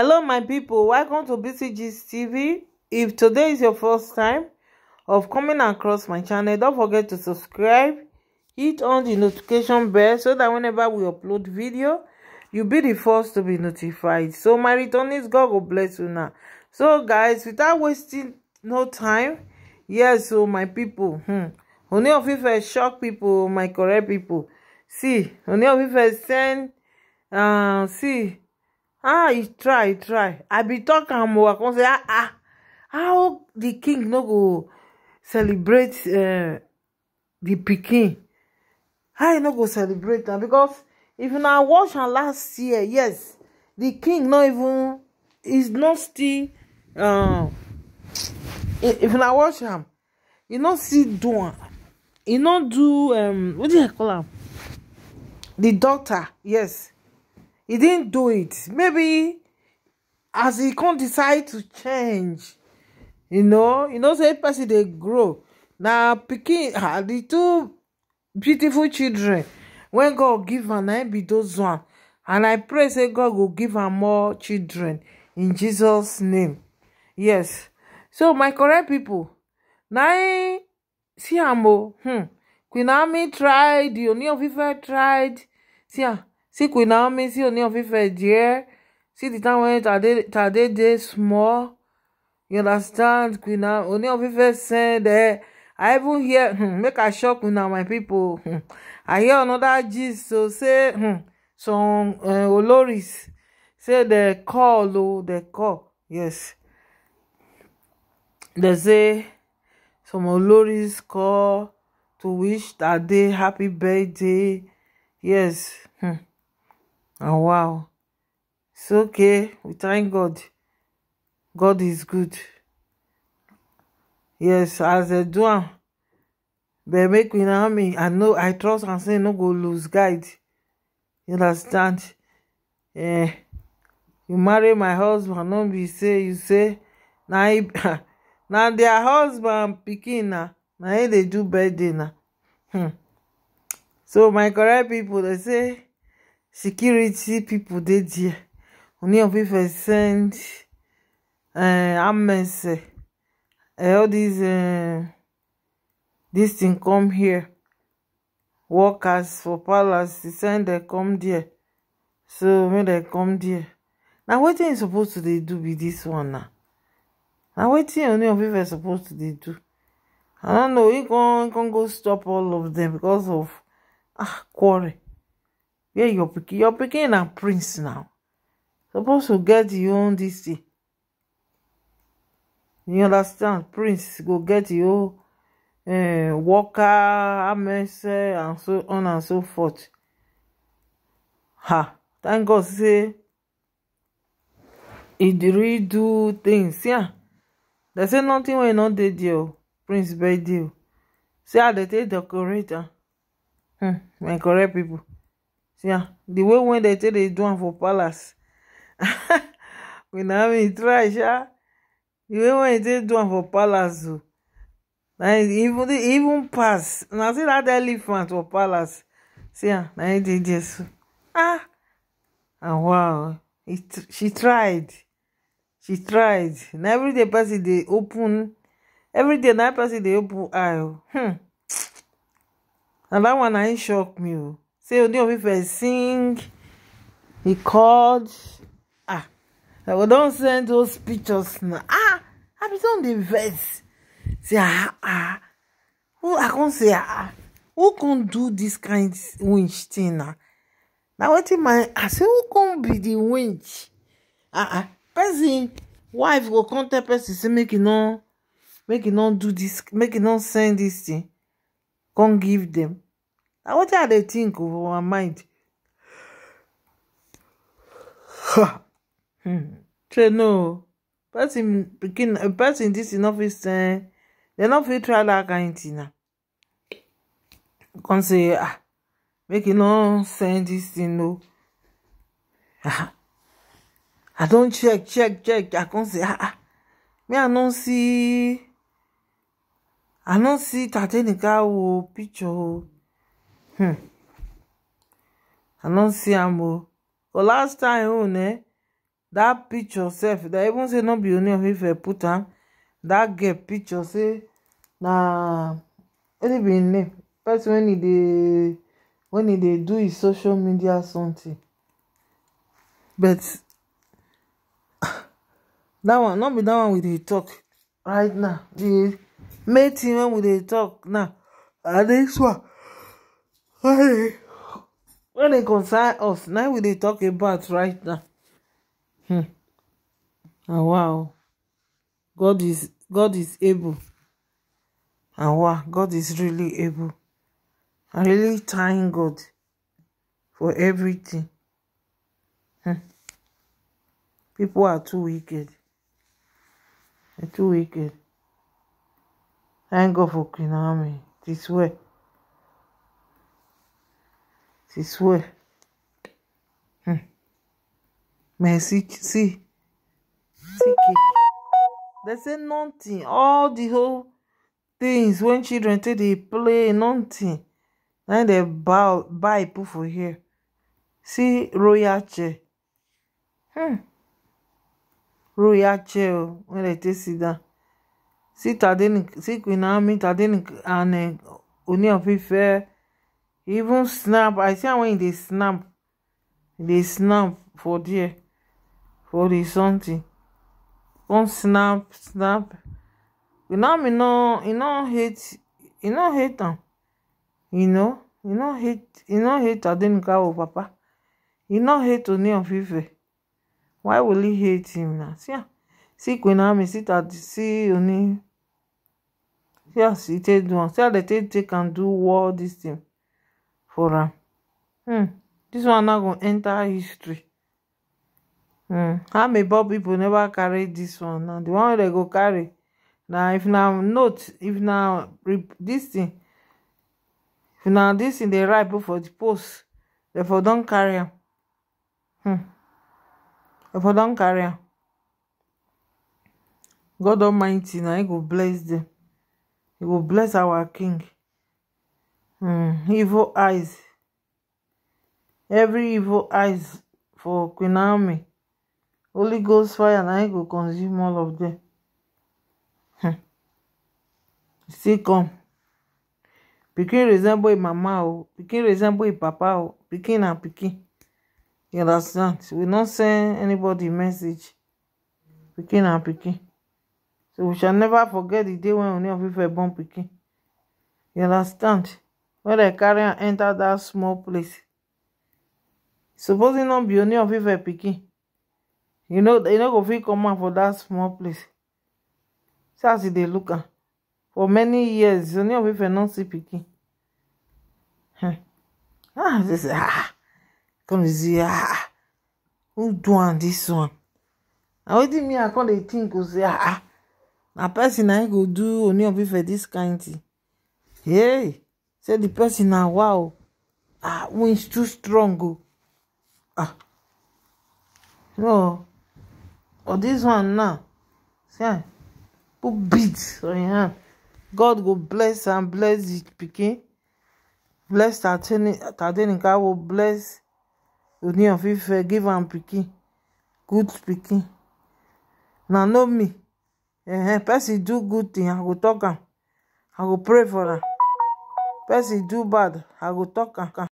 hello my people welcome to beauty tv if today is your first time of coming across my channel don't forget to subscribe hit on the notification bell so that whenever we upload video you be the first to be notified so my returnees god will bless you now so guys without wasting no time yes so oh, my people hmm, Ooni of Ife shock people oh, my correct people see only of Ife send uh, see ah he try he try i be talk am o i come say ah ah how the king no go celebrate eh, the pikin how he no go celebrate am because if una watch am last year yes the king no even is no still um, if una watch am he no still do am e no do um what do you call am The doctor yes he didn't do it maybe as he can't decide to change you know you know say person they grow Now, picking ah the two beautiful children when god give am I be those one and i pray say god will give am more children in jesus name yes so my correct people, now see how o hmm queen ami tried the Ooni of Ife tried see am siku naomi sí Ooni of Ife dear see the time when Tade dey small you understand queen na Ooni of Ife send eh i even hear hmm, make i shock una my pipo hmm, i hear another gist so say hmm, some uh, oloris say dey call o oh, dey call yes dey say some oloris call to wish Tade happy birthday yes. Hmm. and oh, wow it's okay we thank god god is good yes as dem do am but make we know me i know i trust am say no go lose guide you understand eh you marry my husband no be say you say na dia husband pikin na na him dey do birthday na hmm so my correct pipo dey say security pipo dey there of ife send eh, amese eh, eh, all this this thing come here workers for palace he send them come there so make they come there. na wetin you suppose to dey do with dis one na na wetin of ife suppose to dey do i no know e con e go stop all of dem because of ah, quarrel. yey your pikin your pikin na prince now suppose to get your own dis thing you understand prince go get your own eh, worker ames and so on and so forth ha thank god say e do really do things see dem ah, say nothing wey no dey there oh. prince birthday o oh. see how dem take decorate am ah. hmm, my correct pipo. see the way wey dem take dey do am for palace queen naomi try sha the way wey dem take do am for palace o oh, na e, even even pass na see that elephant for palace see am na him e dey there so ah and wow it, she tried she tried na everyday person dey open everyday na person dey open eye o oh. hmm na that one na him e shock me o. Oh say Ooni of Ife sing he called ah i go don't send those pictures now. ah i be don dey vex say ah ah who i come say ah who come do this kind winch thing now? na wetin my i say who come be the winch ah ah person wife go come tell person say make e no make e no do this make e no send this thing come give them na wetin i dey think for my mind shey hmm. no person pikin person dis no fit eh dem no fit try dat kain thing na come say ah make you no send dis thing o ah i don check check check i come say ah ah me i no see i no see tatenika ah, o oh, picture o oh. i don see am oo for last time own eh dat picture sef even say no be only of ife put am dat girl picture say na any be im name person wen e dey wen e dey do his social media something but that one no be dat one we dey talk right now the main thing wey we dey talk now na dis one Hey, when dey concern us now we they talk about right now hmm wow god is god is able and wow god is really able i really thank god for everything hmm people are too wicked they're too wicked thank god for Queen this way she swear hmm. my see see see cake dem say nothing all the whole things wey children take dey play nothing na dem buy put for here see royal chair hmm. royal chair o oh, wey dem take sit down see tadenik see queen naomi tadenik and eh, oni fair even snap i see wen e dey snap e dey snap for there for di something come snap snap kinamina e no hate e no hate am you know e no hate e no hate adenuka o papa e no hate why will he hate him na see am see oni see as he take do am see how dem take take am do war dis thing. for am hmm dis one now go enter history um amebo pipo never carry dis one now di one wey dem go carry na if na note if na this thing if na dis thing dey ripe for di post dem don carry am hmm dem don carry am god almighty na e go bless dem e go bless our king um evil eyes every evil eyes for queen naomi holy ghost fire na im go consume all of them. um still come pikin resemble mama o pikin resemble im papa o pikin na pikin you understand we not send anybody message pikin and pikin so we shall never forget the day wen Ooni of Ife born pikin you understand. When dem carry am enter that small place suppose e no be only of if a picking, you know, pikin know no go come comot for that small place see as they e look am for many years only of if a non see picking. Hmm. ah say say ah, ah. come see ah, ah who do am dis one na wetin me i come dey think o say ah, ah. a person I go do only of ife dis kain thing hey say the person na ah, wow ah when is too strong o oh. ah no or this one now see am ah, put beads on im hand god go bless am bless di pikin bless tadenika will bless oni of ife give am pikin good pikin na no me person do good thing i go talk am i go pray for am pesin do bad i go talk. am